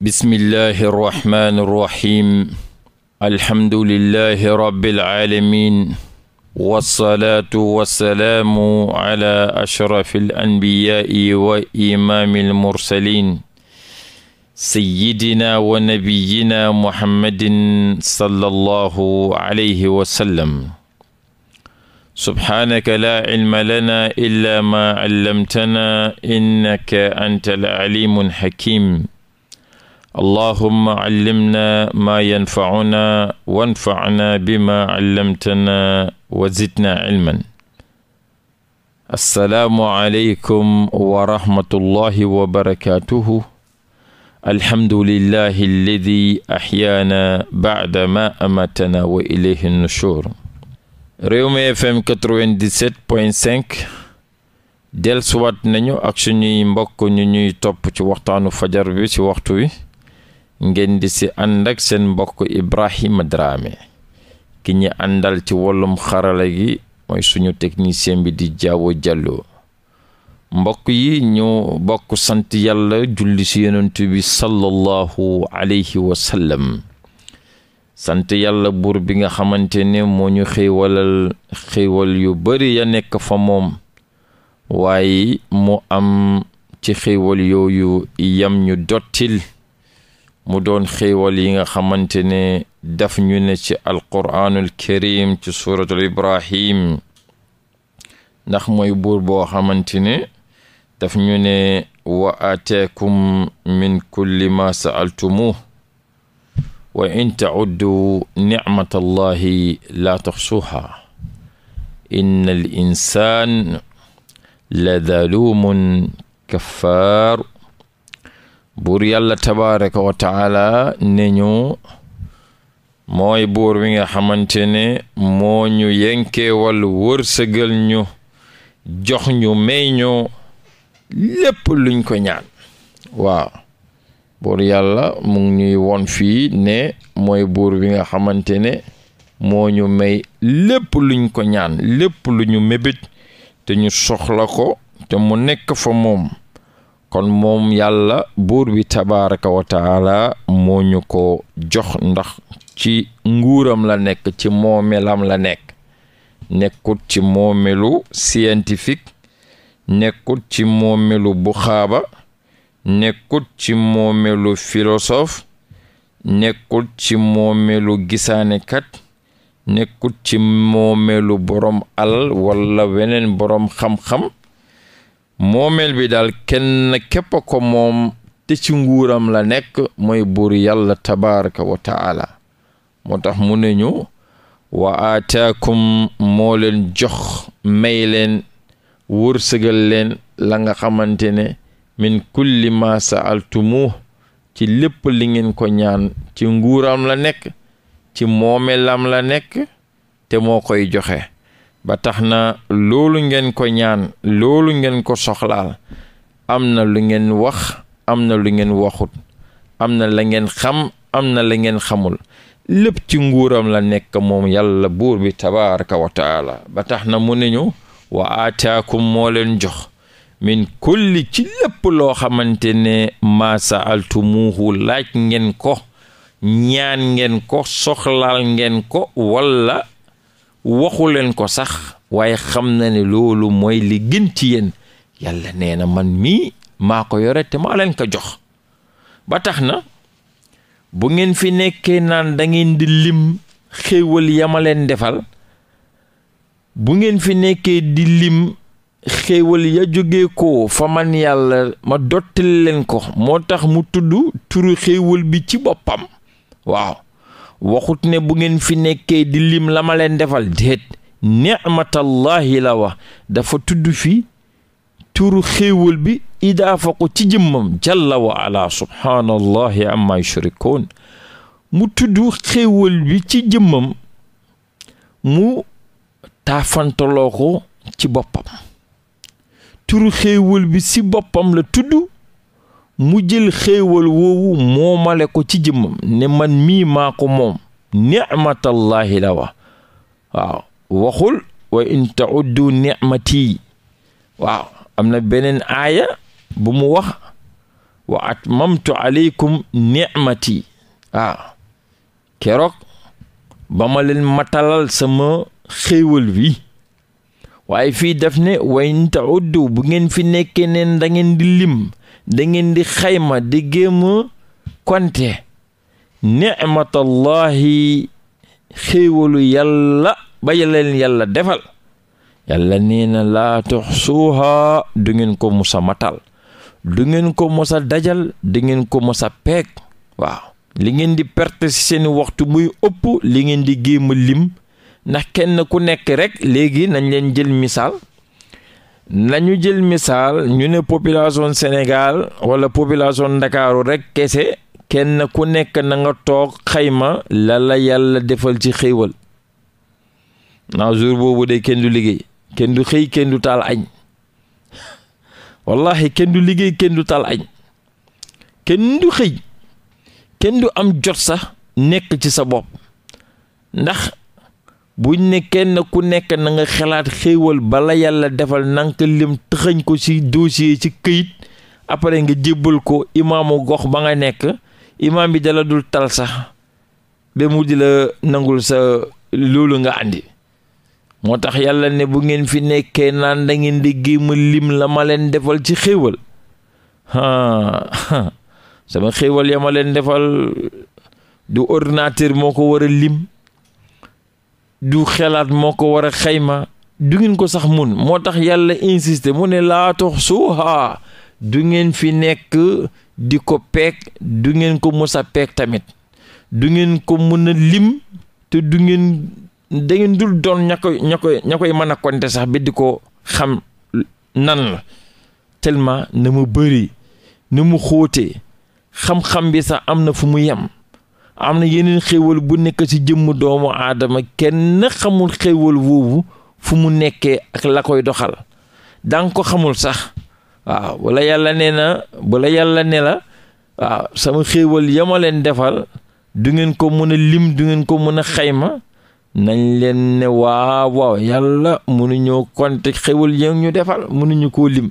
bismillahi irrahmani irrahim alhamdulillahi rabbil aalamiin wassalaatu wassalaamu ala ashrafil anbiyaai wa imaamil mursaliin sayyidina wa nabiyyina muhammadin sallallahu alayhi wa sallam subhaanaka laa cilma lanaa illaa maa callamtanaa innaka antal aliimul hakiim allahumma callimna maa yanfacunaa wanfacnaa bimaa callamtanaa wa zidnaa cilman assalaamu aleykum wa rahmatullahi wa barakaatuhu alhamdulillahi alladi axyaana bacdama amatanaa wa ilayhi nushur Rewmi FM 97.5 dellusiwaat nañu ak suñuy mbokk ñu ñuy topp ci waxtaanu fajar bi ci waxtu wi ngeen di si ànd ak seen mbokk Ibrahima Dramé ki ñi àndal ci wàllum xarala gi mooy suñu technicien bi di jaawo jàlloo mbokk yi ñu bokk sant yàlla julli si yonent bi sallallahu alayhi wa sallam sant yàlla buur bi nga xamante ne moo ñu xéewalal xéewal yu bari ya nekk fa moom waaye mu am ci xéewal yooyu yam ñu dottil mu doon xéewal yi nga xamante ne daf ñu ne ci alquraanul karim ci suuratul ibrahim ndax mooy buur boo xamante ne daf ñu ne wa ataakum min kulli ma sa'altumuh wa in ta'uddu ni'matallahi la tuhsuha inna al insaan la zalumun kaffaar buur yàlla tabaraka wa taala ne ñu mooy buur wi nga xamante ne moo ñu yenkeewal wërsëgal ñu jox ñu may ñoo lépp luñ ko ñaan waaw buur yàlla mu ñuy won fii ne mooy buur bi nga xamante ne moo ñu may lépp luñ ko ñaan lépp lu ñu mébét te ñu soxla ko te mu nekk fa moom kon moom yàlla buur wi tabaraka wa taala moo ñu ko jox ndax ci nguuram la nekk ci moomelam la nekk nekkut ci moomelu scientifique nekkut ci moomelu buxaaba nekkut ci moomelu philosophe nekkut ci moomelu kat nekkut ci moomelu borom alal wala weneen borom xam-xam moomeel bi daal kenn képp ko moom te ci nguuram la nekk mooy buur yàlla tabaraka wa moo tax mu ne ñu wa aataakum mooleen jox may leen wërsëgal leen la nga xamante ne min kulli ma saaltumuh ci lépp li ngeen ko ñaan ci nguuram la nekk ci moomeelam la nekk te moo koy joxe ba tax na loolu ngeen ko ñaan loolu ngeen ko soxlaal am na lu ngeen wax am na lu ngeen waxut am na la ngeen xam am na la ngeen xamul lépp ci nguuram la nekk moom yàlla buur mi tabaraka wa taala ba tax na mu ne ñu wa aataakum moolen jox min kulli ci lépp loo xamante ne maasa altu saaltumuuhu laaj ngeen ko ñaan ngeen ko soxlaal ngeen ko walla waxu leen ko sax waaye xam na ne loolu mooy li gën ci yéen yàlla nee na man mii maa ko yore te maa leen ko jox ba tax na bu ngeen fi nekkee naan dangeen di lim xéewal yama leen defal bu ngeen fi nekkee di lim xéewal ya jóge ko fa man yàlla ma dottil leen ko moo tax mu tudd turu xéewal bi ci boppam waaw waxut ne bu ngeen fi nekkee di lim la ma leen defal déet nicmatallahi la wa dafa tudd fi turu xéewal bi idaafa ko ci jëmmam jalla wa ala subhaanallahi amma yushrikoon mu tudd xéewal bi ci jëmmam mu taafantaloo ko ci boppam turu xéewal bi ci boppam la tudd mu jël xéewal woowu moomale ko ci jëmmam ne man mii maa moom nicmatallahi la wa waaw waxul wa in tauddu nicmati waaw am na beneen aaya bu mu wax wa atmamtu aleykum nicmati waaw keroog ba ma leen matalal sama xéewal wi waaye fii daf ne wa in tauddu bu ngeen fi nekkee neen da ngeen di lim dangeen di xayma di géem konte nicmatallahi xéewalu yàlla ba leen yàlla defal yàlla nee na laa tuxsuuha du ngeen ko musa matal du ngeen ko musa dajal dingeen ngeen ko musa peeg waaw li ngeen di perte ci seeni waxtu muy ëpp li ngeen di géem lim ndax kenn ku nekk rek léegi nañ leen jël misaal nañu jël misaal ñu ne population senegaal wala population Ndakaaru rekk kese kenn ku nekk nanga toog xayma la la yàlla defal ci xéewal naa jour boobu de kenn du liggéey kenn du xëy kenn du taal añ wallahi kenn du liggéey kenn du taal añ kenn du xëy kenn du am jot sax nekk ci sa bopp ndax bu ne kenn ku nekk na nga xalaat xéewal bala yàlla defal nanka lim tëxañ ko ci dossier ci këyit après nga jébbal ko imaamu gox ba nga nekk imaam bi dala dul tal sax ba mu di la nangul sa loolu nga andi moo tax yàlla ne bu ngeen fi nekkee naan dangeen ngeen di géema lim la ma leen defal ci xéewal sama xéewal ya ma leen defal du ordinateur moo ko war a lim du xelaat moo ko war a xayma du ngeen ko sax mun moo tax yàlla insisté mu ne laa tox du ngeen fi nekk di ko peek du ngeen ko mos a peeg tamit du ngeen ko mën a lim te du ngeen dangeen dul doon ña koy ña koy ña koy mën a konte sax bi di ko xam nan la tellement na mu bëri na mu xóote xam-xam bi sax am na fu mu yem am na yeneen xéewal bu nekk ci jëmm doomu aadama kenn xamul xéewal woowu fu mu nekkee ak la koy doxal danga ko xamul sax waaw wala yàlla nee na wala yàlla ne la waaw sama xéewal ya leen defal du ngeen ko mën a lim du ngeen ko mën a xayma nañ leen ne waaw waaw yàlla mënuñoo konte xéewal ya ñu defal mënuñu koo lim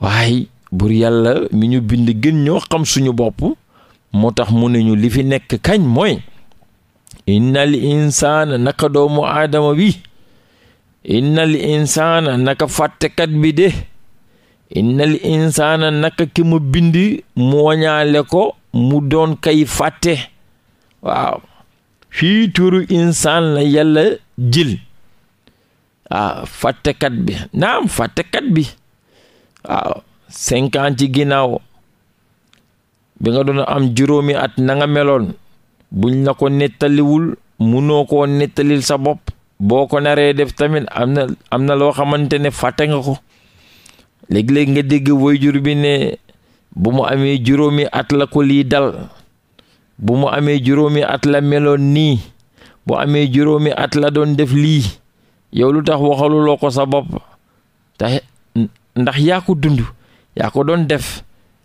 waaye bur yàlla mi ñu bind gën ñoo xam suñu bopp moo tax mu ne ñu li fi nekk kañ mooy innal insaana naka doomu aadama bi innal insaana naka fàttekat bi de innal insaana naka ki mu bindi mooñaale ko mu doon kay fàtte waaw fii insaan la yàlla jil waaw ah, fàttekat bi naam fàttekat bi waaw cinq ans ci ginnaaw bi nga doon am juróomi at nanga nga meloon buñ la ko nettaliwul munoo koo nettalil sa bopp boo ko naree def tamit am na am na loo xamante ne fàtte nga ko léegi-léegi nga dégg waajur bi ne bu mu amee juróomi at la ko lii dal bu mu amee juróomi at la meloon nii bu amee juróomi at la doon def lii yow lu tax waxaluloo ko sa bopp tax ndax yaa ko dund yaa ko doon def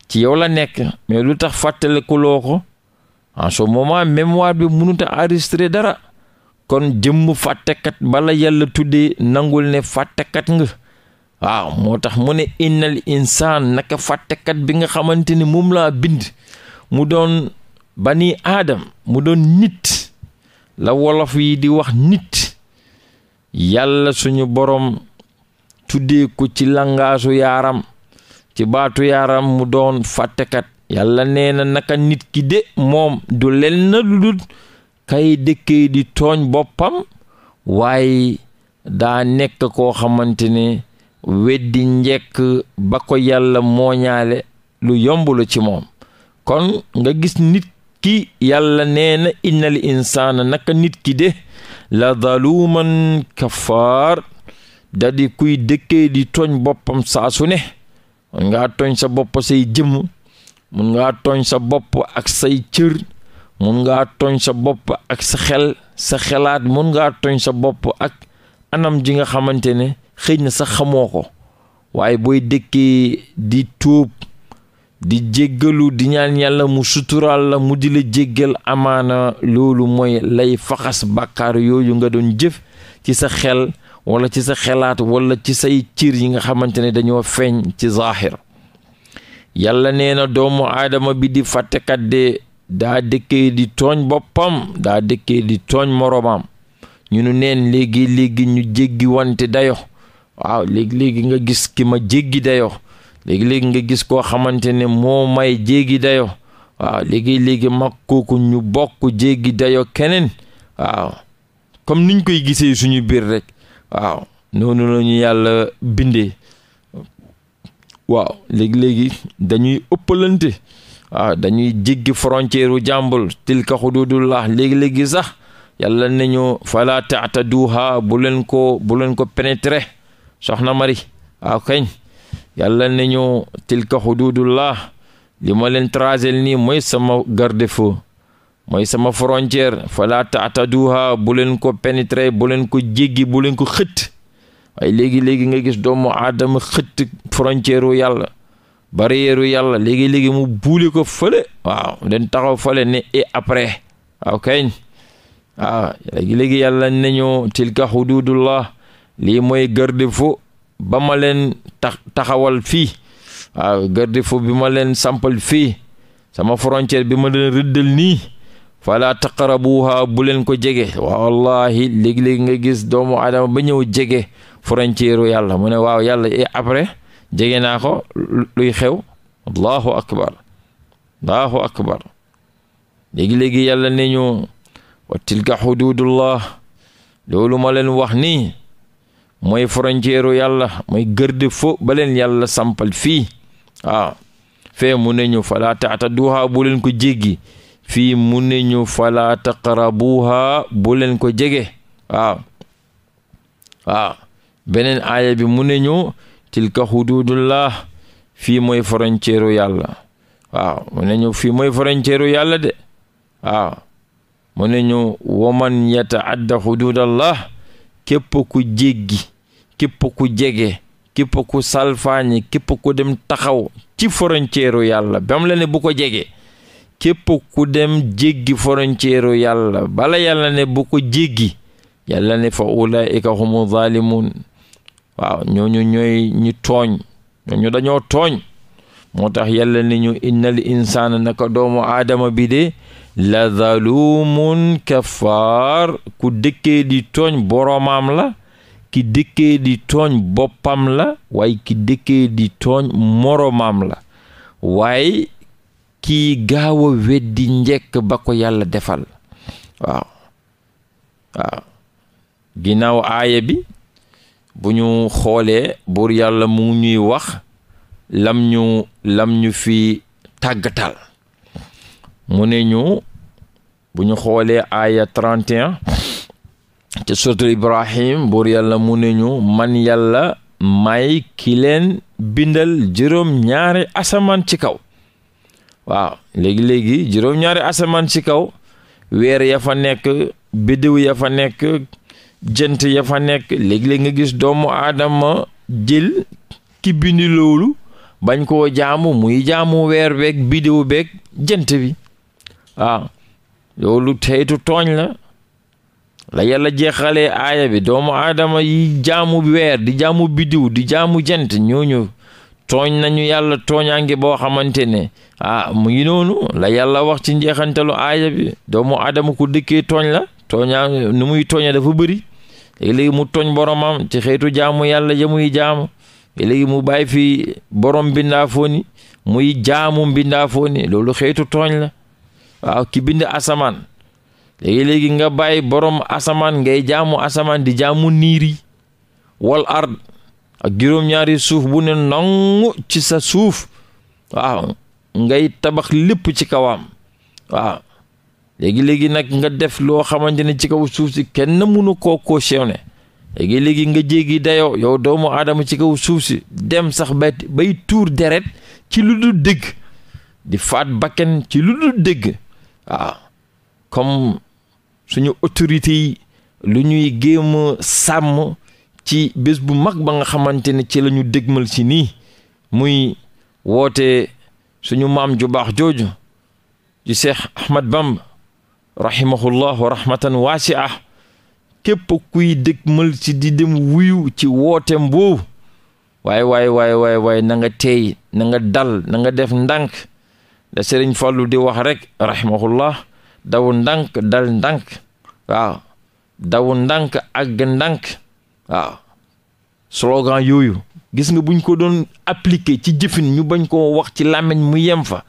ci yow la nekk mais lu tax fàttalikuloo ko en ce moment mémoire bi mënut a enregistrer dara kon jëmm fàttekat bala yàlla tudde nangul ne fàttekat nga waaw moo tax mu ne innal insaan naka fàttekat bi nga xamante ni moom laa bind mu doon bani aadam mu doon nit la wolof yi di wax nit yàlla suñu borom tuddee ko ci langaasu yaaram ci baatu yaaram mu doon fàttekat yàlla nee na naka nit ki de moom du len na ludul kay dëkkee di tooñ boppam waaye daa nekk koo xamante ne weddi njekk ba ko yàlla mooñaale lu yomb la ci moom kon nga gis nit ki yàlla nee na innal insaana naka nit ki de la daluman kafaar da di kuy dëkkee di tooñ boppam saa su ne mun ngaa tooñ sa bopp say jëmm mun ngaa tooñ sa bopp ak say cër mun ngaa tooñ sa bopp ak sa xel sa xelaat mun ngaa tooñ sa bopp ak anam ji nga xamante ne xëy na sa xamoo ko waaye booy dëkkee di tuub di jéggalu di ñaan yàlla mu suturaal la mu di la jéggal amaana loolu mooy lay faxas bàkkaar yooyu nga doon jëf ci sa xel wala ci sa xelaat walla ci say cir yi nga xamante ne dañoo feeñ ci zaahir yàlla nee na doomu aadama bi di fàttekat de daa dëkkee di tooñ boppam daa dëkkee di tooñ moroomam ñu nu neen léegi léegi ñu jéggi wante dayo waaw léegi léegi nga gis ki ma jéggi dayo léegi léegi nga gis koo xamante ne moo may jéegi dayo waaw léegi léegi mag ñu bokk jéggi dayo keneen waaw comme niñ koy gisee suñu biir rekk waaw noonu yàlla bindee waaw léegi-léegi dañuy ëppalante waaw dañuy jéggi frontière u jàmbul tilka xududullah léegi-léegi sax yàlla nañu falaate ata bu leen ko bu leen ko pénétrer soxna mari waaw kañ yàlla nañu tilka xududullah li ma leen trasel nii mooy sama garde-feu mooy sama frontière fala taataduha bu leen ko pénétrer bu leen ko jéggi bu leen ko xëtt waaye léegi-léegi nga gis doomu aadama xëtt frontière wu yàlla barrière yàlla léegi-léegi mu buuli ko fële waaw den taxaw fële ne et après waaw kañ léegi-léegi yàlla nañu tilka xududullah lii mooy garde-fou ba ma leen tax taxawal fii waaw garde-fou bi ma leen sampal fii sama frontière bi ma leen rëddal nii fala taqarabuha bu leen ko jege wallahi léegi-léegi nga gis doomu aadama ba ñëw jege frontière yàlla mu ne waaw yàlla e après jege naa ko luy xew allahu akbar allahu akbar léegi-léegi yàlla ne ñu wa tilka xududullah loolu ma leen wax ni mooy frontière yàlla mooy gërde fo ba leen yàlla sampal fii waaw fee mu ne ñu fala taataduha ko jéggi fii mu ne ñu falaa taqrabuha bu leen ko jege waaw waaw beneen aaya bi mu ne ñu tilka hududullah fii mooy frontière yàlla waaw mu ne fii mooy frontière yàlla de waaw mu ne ñu waman yataadda hududallah képp ku jéggi képp ku jege képp salfaañi képp ku dem taxaw ci frontière yàlla bam la ne bu ko jege képp ku dem jéggi frontière yàlla bala yàlla ne bu ko jéggi yàlla ne fa ulaika humu zalimun waaw ñooñu ñooy ñi tooñ ñooñu dañoo tooñ moo tax yàlla ne ñu innal insaana naka doomu aadama bi de la zalumun kafaar ku dëkkee di tooñ boroomam la ki dëkkee di tooñ boppam la waaye ki dëkkee di tooñ moroomam la waaye kii gaaw a weddi njekk ba ko yàlla defal waaw waaw ginnaaw aaya bi bu ñu xoolee buur yàlla mu ñuy wax lam ñu lam ñu fi tàggatal mu ne ñu bu ñu xoolee aaya 31 ci suratul Ibrahim buur yàlla mu ne ñu man yàlla may ki leen bindal juróom ñaari asamaan ci kaw waaw léegi-léegi juróom-ñaari asamaan ci kaw weer ya fa nekk biddiw ya fa nekk jant ya fa nekk léegi-léegi nga gis doomu aadama jël ki bindi loolu bañ koo jaamu muy jaamu weer beeg biddiw beeg jant bi waaw loolu teytu tooñ la la yàlla jeexalee aaya bi doomu aadama yi jaamu weer di jaamu biddéw di jaamu jant ñooñu tooñ nañu yàlla tooñaange boo xamante ne ah mu ngi noonu la yàlla wax ci njeexantalu aaya doomu adama ku dëkkee tooñ la tooñaa nu muy tooña dafa bëri léegi mu tooñ boromam ci xeetu jaamu yàlla ja muy jaamu léegi mu bàyyi fi borom mbindaafoo ni muy jaamu mbindaafoo ni loolu xeetu tooñ la waaw ki bind asamaan léegi léegi nga bàyyi borom asamaan ngay jaamu asamaan di jaamu niiri wal ard ak juróom-ñaari suuf bu ne nongu ci sa suuf waaw ngay tabax lépp ci kawam waaw léegi-léegi nag nga def loo xamante ne ci kaw suuf si kenn mënu koo koo sew léegi-léegi nga jéggi dayoo yow doomu aadama ci kaw suuf si dem sax bay bay tuur deret ci lu dul dëgg di faat bakken ci lu dul dëgg waaw comme suñu autorités yi lu ñuy géem sàmm ci bés bu mag ba nga xamante ne ci la ñu dégmal si nii muy woote suñu maam ju baax jooju ju seex Ahmad Bamba rahimahullah wa rahmatan waasi'a képp kuy mël ci di dem wuyu ci woote boobu waaye waaye waaye waaye waaye na nga teey dal na def ndànk da Sëriñ Fàllu di wax rek rahimahullah daw ndànk dal ndànk waaw daw ndànk àgg ndànk waaw slogan yooyu gis nga buñ ko doon appliquer ci jëfin ñu bañ koo wax ci làmmiñ mu yem fa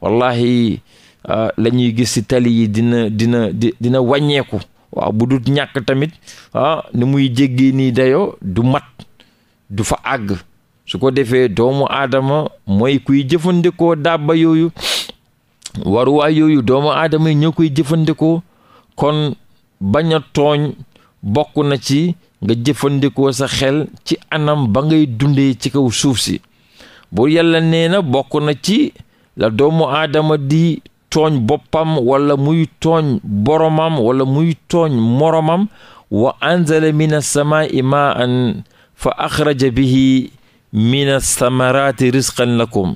wallahi ah, la gis ci tali yi dina dina dina wàññeeku waaw bu dul ñàkk tamit ah, ni muy jéggee nii dayo du mat du fa àgg su ko defee doomu aadama mooy kuy jëfandikoo dàbba yooyu waruwaay yooyu doomu aadama yi ñoo koy jëfandikoo kon bañ a tooñ bokk na ci nga jëfandikoo sa xel ci anam ba ngay dundee ci kaw suuf si buur yàlla nee na bokk na ci la doomu aadama di tooñ boppam wala muy tooñ boromam wala muy tooñ moromam wa anzala min as-samaa'i maa'an fa axraja bihi min na samaraati la lakum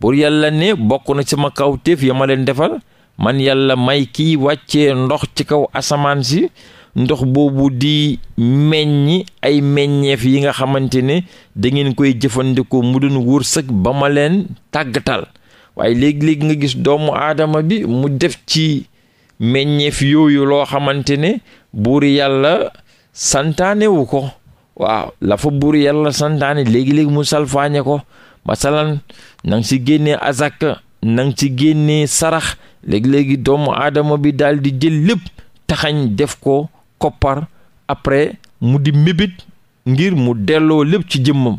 buur yàlla ne bokk na sama kawtéef ya ma leen defal man yàlla may kiy wàcce ndox ci kaw asamaan si ndox boobu di meññ ay meññeef yi nga xamante ne da ngeen koy jëfandikoo mu doon wërsëg ba ma leen tàggatal waaye léegi-léegi nga gis doomu aadama bi mu def ci meññeef yooyu loo xamante ne buur yàlla santaanewu ko waaw la buur yàlla santaane léegi-léegi mu salfaañe ko masalan nang si génnee azaka nang si génnee sarax léegi-léegi doomu aadama bi daal di jël lépp taxañ def ko koppar après mu di mébit ngir mu delloo lépp ci jëmmam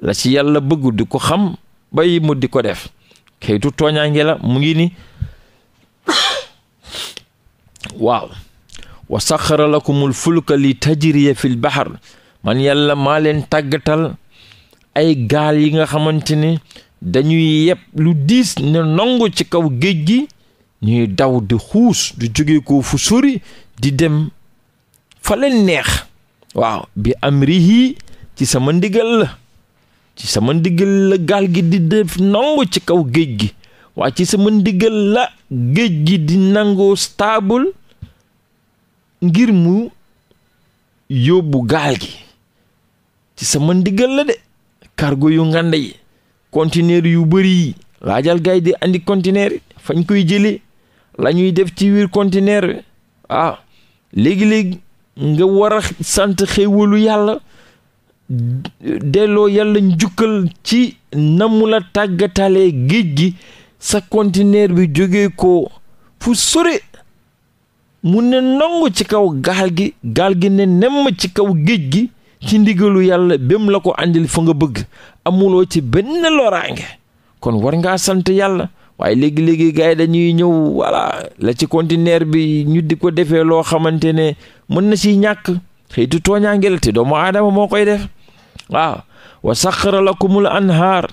la ci yàlla bëgg di ko xam bay mu di ko def kayitu tooñaange la mu ngi ni waaw wa saxara lakumul fulka li tajriya fil bahar man yàlla maa leen tàggatal ay gaal yi nga xamante ne dañuy yeb lu diis ne nongu ci kaw géej gi ñuy daw di xuus di jóge ko fu sori di dem fa leen neex waaw bi amrihi ci sama ndigal la ci sama ndiggal la gaal gi di def nangu ci kaw géej gi waa ci sama ndiggal la géej gi di nangoo stable ngir mu yóbbu gaal gi ci sama ndigal la de cargo yu ngande yi conteneur yu bari yi laajal gaay di andi conteneur fañ koy jëlee lañuy def ci wiir conteneur waaw léegi-léegi nga war a sant xéewalu yàlla delloo yàlla njukkal ci namu la tàggatalee géej gi sa kontineer bi jóge ko fu sore mu ne nangu ci kaw gaal gi gaal gi ne nemm ci kaw géej gi ci ndigalu yàlla bém la ko àndil fa nga bëgg amuloo ci benn loraange kon war ngaa sant yàlla waaye léegi-léegi gars yi dañuy ñëw voilà la ci conteneur bi ñu di ko defee loo xamante ne mën na si ñàkk xëytu tooñaange la te doomu aadama moo koy def waaw wa saxara lakumul anhaar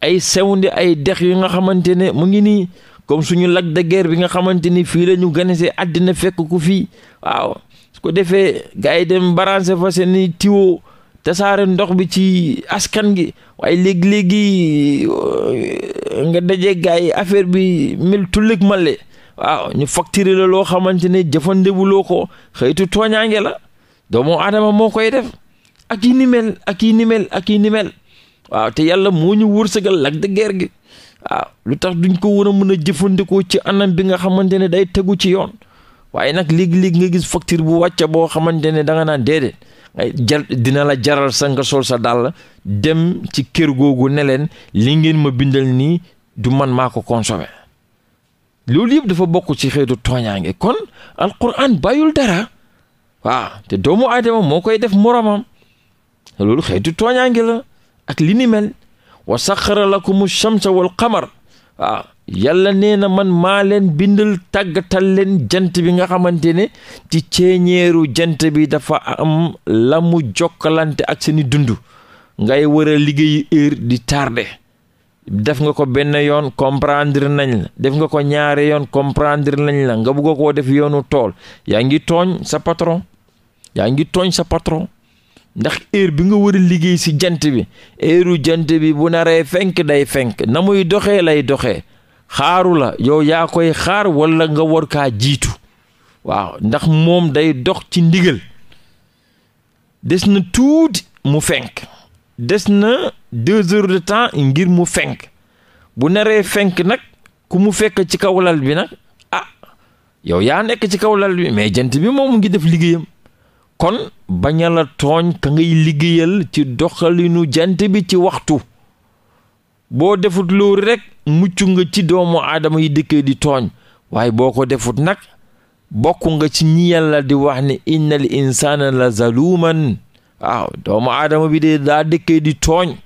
ay sewndi ay dex yu nga xamante ne mu ngi nii comme suñu lac de guerre bi nga xamante ni fii la ñu ganese àddina fekk ko fii waaw su ko defee gars yi dem baranse fa seeni tiwo tasaare ndox bi ci askan gi waaye léegi-léegi euh, nga daje gaay yi affaire bi mel tullik male waaw ñu facturer la loo xamante ne jëfandewuloo ko xëytu tooñaange la doomu aadama moo koy def ak yi nimel ak yi ni ak yi nimel mel waaw te yàlla moo ñu wërsëgal lak de guerre gi waaw lu tax duñ ko war a mën a jëfandikoo ci anam bi nga xamante ne day tegu ci yoon waaye nag léegi-léegi nga gis facture bu wàcca boo xamante ne danga nga naan déedéet Eh, jar dina la jaral sa nga sol sa dàll dem ci kër googu ne leen li ngeen ma bindal nii du man maa ko consommé loolu yëpp dafa bokk ci xeetu tooñaange kon alquran bàyyul dara waaw te doomu aadama moo koy def moroomam loolu xeetu tooñaange la ak li ni mel wa saxara lakumu shamsa wal xamar waaw yàlla nee na man maa leen bindal tàggatal leen jant bi nga xamante ne ci ceeñeeru jant bi dafa am la mu jokkalante ak seeni dund ngay war a liggéeyu heure di tardé def nga ko benn yoon comprendre nañ la def nga ko ñaare yoon comprendre nañ la nga bugg koo def yoonu tool yaa ngi tooñ sa patron yaa ngi tooñ sa patron ndax heure bi nga war a liggéey si jant bi heure jant bi bu naree fenk day fenk na muy doxee lay doxee xaaru la yow yaa koy xaar walla nga war kaa jiitu waaw ndax moom day dox ci ndigal des na tuuti mu fenk des na deux heures de temps ngir mu fenk bu neree fenk nag ku mu fekk ci kaw lal bi nag ah yow yaa nekk ci kaw lal bi mais jant bi moom mu ngi def liggéeyam kon bañala a la tooñ ka ngay liggéeyal ci doxalinu jant bi ci waxtu boo defut loolu rek mucc nga ci doomu aadama yi dëkkee di tooñ waaye boo ko defut nag bokk nga ci ñi la di wax ne innal insaana la zaluman waaw doomu aadama bi de daa dëkkee di tooñ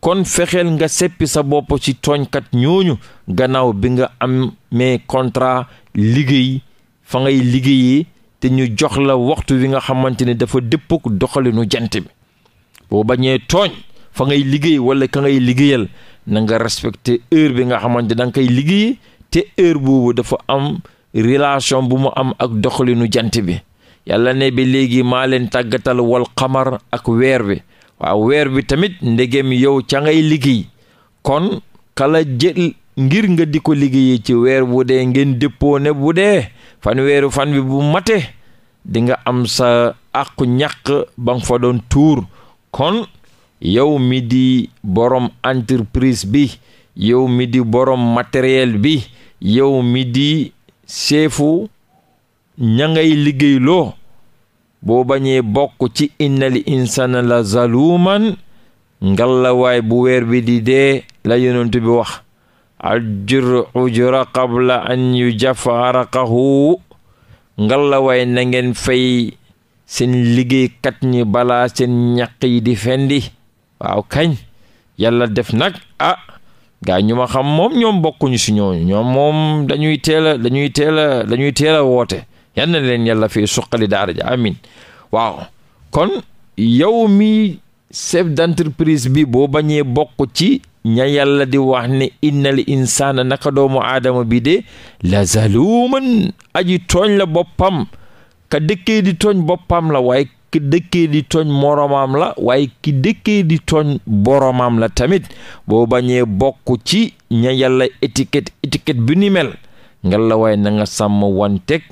kon fexeel nga seppi sa bopp ci tooñkat ñooñu gannaaw bi nga amee contrat liggéey fa ngay liggéeyee te ñu jox la waxtu wi nga xamante ne dafa dëppog doxalinu jant bi boo bañee tooñ fa ngay liggéey wala ka ngay liggéeyal na nga respecté heure bi nga xamante da nga koy liggéey te heure boobu dafa am relation bu mu am ak doxalinu jant bi yàlla ne bi léegi maa leen tàggatal wal xamar ak weer bi waaw weer bi tamit ndegem yow ca ngay liggéey kon kala jël ngir nga di ko liggéeyee ci weer bu dee ngeen déppoo ne bu dee fan weeru fan bu mate dinga am sa àqu ñàq ba nga fa doon tuur kon yow mi di borom entreprise bi yow mi di borom matériel bi yow mi di seefu ña ngay liggéeyloo boo bañee bokk ci innal insana zaluman ngallawaay bu weer bi di dee la yonent bi wax ajur ujura qabla an yujafa araqahu ngallawaay na fay seen liggéeykat ñi bala seen ñaq yi di fendi waaw kañ yàlla def nag ah gaa ñu xam moom ñoom bokkuñu si ñooñu ñoom moom dañuy teel a dañuy teel a dañuy teel a woote yal na leen yàlla fii suqali daara ja amin waaw kon yow mi chef d'entreprise bi boo bañee bokk ci ña yàlla di wax ne innal insaana naka doomu aadama bi de la zaluman aji tooñ la boppam ka dëkkee di tooñ boppam la waaye ki dëkkee di tooñ moroomam la waaye ki dëkkee di tooñ boroomam la tamit boo bañee bokk ci ña yàlla étiquette étiquette bi ni mel nga la waaye na sàmm wanteg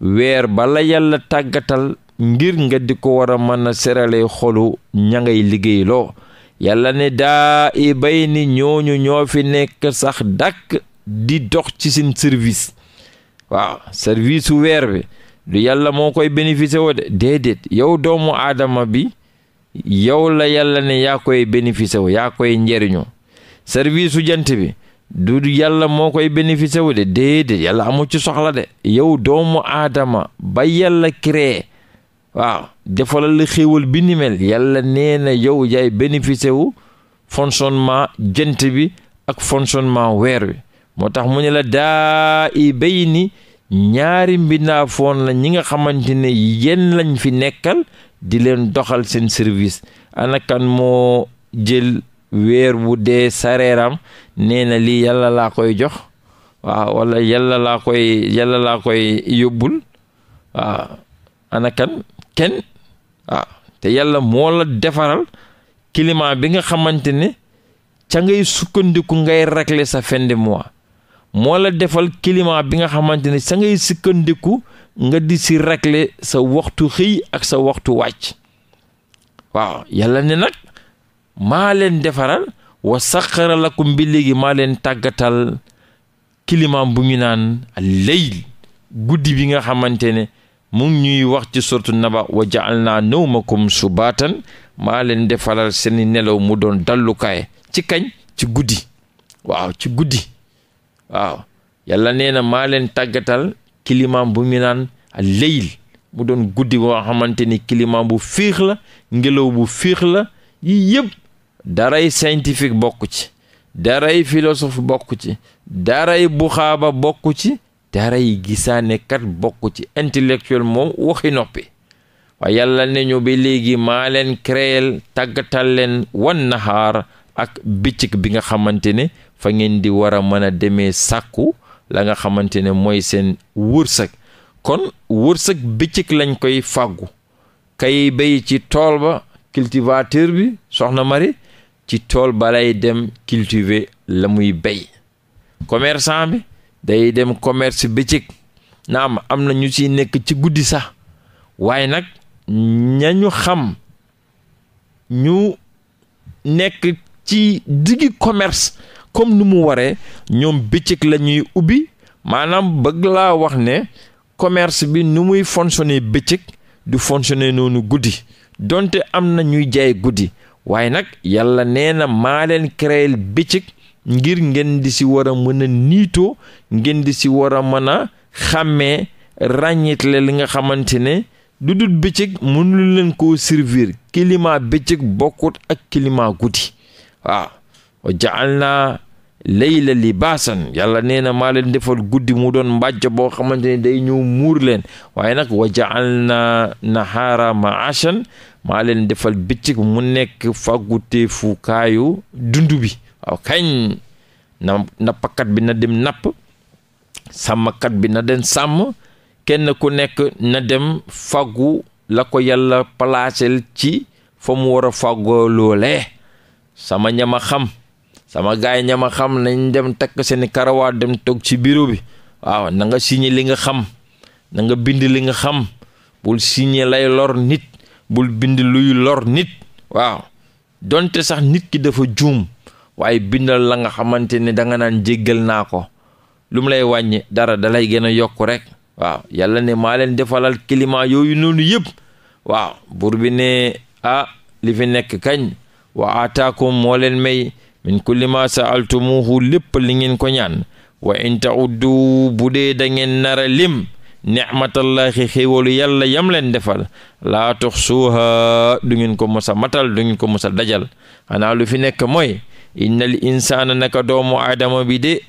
weer bala yàlla tàggatal ngir nga di ko wara a mën a seralee xolu ñangay ngay liggéeyloo yàlla ne daa i bay ni ñooñu ñoo fi nekk sax dàkk di dox ci seen service waaw service weer bi du yàlla moo koy bénéficié woo de déedéet yow doomu aadama bi yow la yàlla ne yaa koy bénéficié woo yaa koy njëriñu service u jant bi du yàlla moo koy bénéficié wu de déedéet yàlla amu ci soxla de yow doomu aadama ba yàlla créé waaw defalal la xéewal bi ni mel yàlla nee na yow yaay bénéficié wu fonctionnement jant bi ak fonctionnement weer wi moo tax mu ne daa i bay ni ñaari mbindaafoon la ñi nga xamante ne yéen lañ fi nekkal di leen doxal seen service anakan moo jël weer wu dee sareeram nee neena lii yàlla laa koy jox waaw wala yàlla koy yàlla laa koy yóbbul waaw anakan kenn te yàlla moo la defaral climat bi nga xamante ne ca ngay sukkandiku ngay ragle sa fin de moo la defal climat bi nga xamante ne sa ngay sukkandiku nga di si régler sa waxtu xëy ak sa waxtu wàcc waaw yàlla ne nag maa leen defaral wa saxara lakum bi léegi maa leen tàggatal climat bu ñu naan leyl guddi bi nga xamante ne mu ñuy wax ci sortu naba wa ja'alnaa nawmakum subaatan maa leen defaral seeni nelaw mu doon dallukaay ci kañ ci guddi waaw ci guddi waaw yàlla nee na maa leen tàggatal climat bu mu naan leyl mu doon guddi boo xamante ni climat bu fiix la ngelaw bu fiix la yi yëpp daray scientifique bokk ci daray philosophe bokk ci daray buxaaba bokk ci daray gisaanekat bokk ci intellectuel moom waxi noppi waaye yàlla ne ñu ba léegi maa leen créel tàggatal leen wan nahaar ak bëccëg bi nga xamante ne fa ngeen di war a mën a demee sàkku la nga xamante ne mooy seen wërsëg kon wërsëg bëccëg lañ koy fàggu kay bay ci tool ba cultivateur bi soxna Mari ci tool balay dem cultiver la muy bay commerçant bi day dem commerce bëccëg naam am na ñu ci nekk ci guddi sax waaye nag ñañu xam ñu nekk ci digg commerce comme nu mu waree ñoom bëccëg lañuy ubbi maanaam bëgg laa wax ne commerce bi nu muy fonctionner bëccëg du fonctionner noonu guddi donte am na ñuy jaay guddi waaye nag yàlla nee na maa leen créel bëccëg ngir ngeen di si war a mëna a niitoo ngeen di si war a mën a xàmmee ràññitle li nga xamante ne du dul bëccëg mënul leen ko servir climat bëccëg bokkut ak climat guddi waaw wa ja'alna layla libaasan yàlla nee na maa leen defal guddi mu doon mbàjj boo xamante ne day ñëw muur leen waaye nag wa ja'alna nahaara ma'ashan maa leen defal bëccëg mu nekk fàggute fu kaayu bi waaw kañ na nappkat bi na dem napp sàmmkat bi na dem sàmm kenn ku nekk na dem fàggu la ko yàlla palaasel ci fa mu war a fàggoo sama ñama xam sama gaay ña ma xam nañ dem takk seeni karawaat dem toog ci bureau bi waaw na nga signé li nga xam nanga bind li nga xam bul signé lay lor nit bul bind luy lor nit waaw donte sax nit ki dafa juum waaye bindal la nga xamante ne danga naan jéggal naa ko lum lay wàññi dara dalay gën a yokk rek waaw yàlla ne maa leen defalal climat yooyu noonu yëpp waaw buur bi ne ah li fi nekk kañ wa ataakum moo leen may min kulli ma sa'altumuhu lépp li ngeen ko ñaan wa in ta'uddu bu dee da ngeen nara lim ni'matallahi xéewalu yalla yam leen defal laa tuxsuuha du ngeen ko mos a matal du ko mos dajal xanaa lu fi nekk mooy innal insaana naka doomu aadama bi de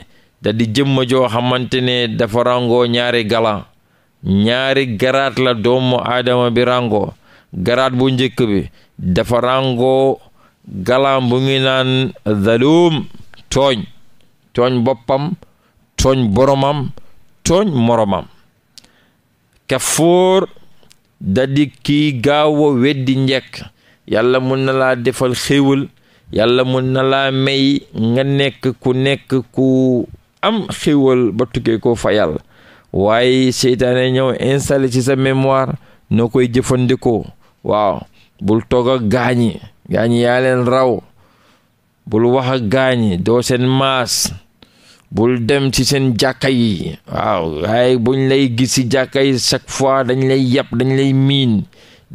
da di jëmma joo xamante ne dafa rangoo ñaari gala ñaari garaat la doomu aadama bi rangoo garaat bu njëkk bi dafa galaam bu ngi naan zalum tooñ tooñ boppam tooñ boromam tooñ moromam kafoor dadi ki gaaw a weddi njekk yàlla mun na laa defal xéewal yàlla mun na laa may nga nekk ku nekk ku am xéewal ba ko fa yàlla waaye seytaane ñëw installé ci sa mémoire noo koy jëfandikoo waaw bul toog gaañi gaa ñi yaa leen raw bul wax ak gaa doo seen maas bul dem ci seen jàkka yi waaw waaye buñ lay gis ci jàkka yi chaque fois dañ lay yàpp dañ lay miin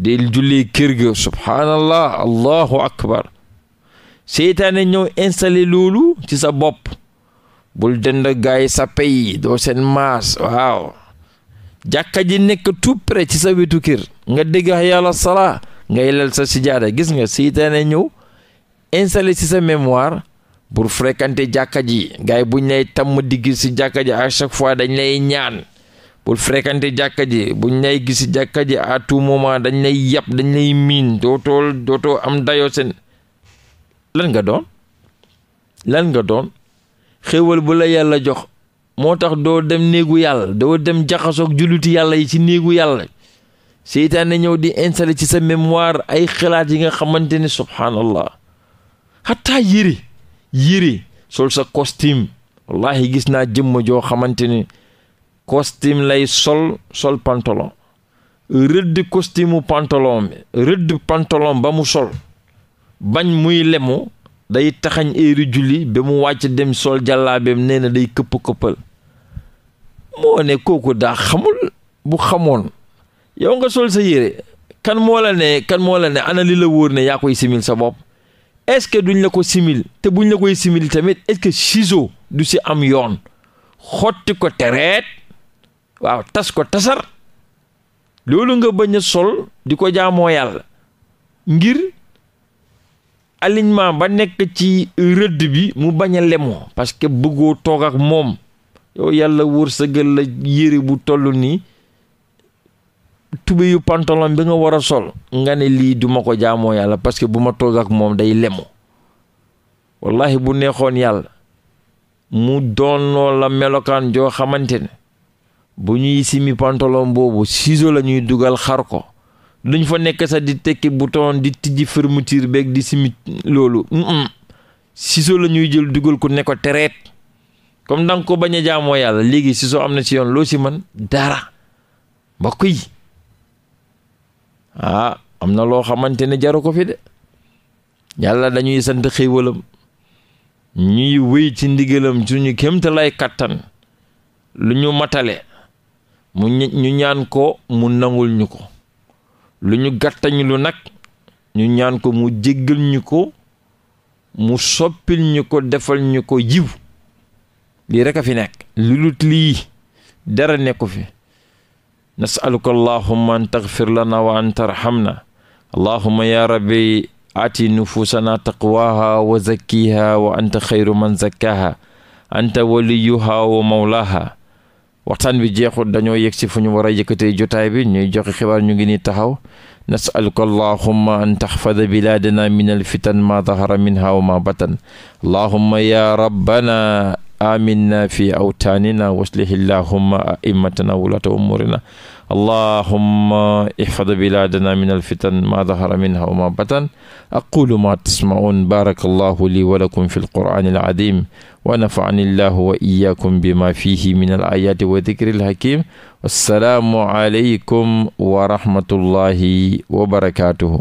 del julli kër ga subhaanallah allahu akbar seytaane ñëw installé loolu ci sa bopp bul dend gaay sappe yi doo seen maas waaw jàkka ji nekk tout près ci sa wetu kër nga dégg yàlla sala ngay lal sa sijaada gis nga seytaane ñëw installé si sa mémoire pour fréquenter jàkka ji gars yi buñ lay tàmm di gis ci jàkka ji à chaque fois dañ lay ñaan pour fréquenter jàkka ji bu lay gis ci jàkka ji à tout moment dañ lay yàpp dañ lay miin dootoo dootoo am dayoo seen lan nga doon lan nga doon xéewal bu la yàlla jox moo tax doo dem néegu yàlla doo dem jaxasoog juluti yàlla yi ci néegu yàlla seytaane ñëw di installé ci sa mémoire ay xalaat yi nga xamante ne subhaanallah xataa yëre yëre sol sa costume wallahi gis naa jëmm joo xamante ne costume lay sol sol pantalon rëdd costume pantalon rëdd pantalon ba mu sol bañ muy lemu day taxañ heure julli ba mu wàcc dem sol jàllaabeem nee na day këpp këppal moo ne kooku daa xamul bu xamoon yow nga sol sa yére kan moo ne kan moo la ne ana li la wóor ne yaa koy simil sa bopp est-ce que duñ la ko simil te buñ la koy simil tamit est-ce du si am yoon xotti ko tereet waaw tas ko tasar loolu nga bañ a sol di ko jaamoo yàlla ngir alignement ba nekk ci rëdd bi mu bañ a lemoo parce que bëggoo toog ak moom yow yàlla wërsëgal la yére bu toll nii tubé yu pantalon bi nga war a sol nga ne lii duma ko jaamoo yàlla parce que bu ma toog ak moom day lemu wallahi bu neexoon yàlla mu doonoo la melokaan joo xamante ne bu ñuy simi pantalon boobu ciseau la ñuy dugal xar ko duñ fa nekk sax di tekki bouton di tijji fermeture beeg di simi loolu ciseau la ñuy jël dugal ko ne ko tereet comme danga ko bañ a jaamoo yàlla léegi ciseau am na si yoon loo si man dara mbokk yi ah am na loo xamante ne jaru ko fi de yàlla dañuy sant xéewalam ñuy wéy ci ndigalam suñu kémtalay kàttan lu ñu matale mu ñu ñaan ko mu nangul ñu ko lu ñu gàttañ lu nag ñu ñaan ko mu jéggal ñu ko mu soppil ñu ko defal ñu ko yiw lii rek a fi nekk lu lut lii dara nekku fi nasaluka allahuma an taxfir lana wa an tarhamna allahuma ya rabbi aati nufuusanaa taqwaha wa zakkiha wa anta xayru man zakkaha anta waliyuha wa mawlaha waxtaan bi jeexul dañoo yegg si fu ñu war a yëkkatee jotaay bi ñuy joxe xibaar ñu ngi ni taxaw nasaluka allahuma an taxfada bilaadana min alfitan ma dahara minha wa ma batan allahuma ya rabbana aminna fi awtaanina waslih illahumma aimmatana wulata umurina allahumma ihfad biladana min alfitan ma dahara minha wa ma batan aqulu ma tasmaun baraka allahu li wa lakum fi alqur'ani alazim wa nafa'ani allahu wa iyyakum bima fihi min alayati wa dhikri alhakim wassalaamu alaykum wa rahmatullahi wa barakatuhu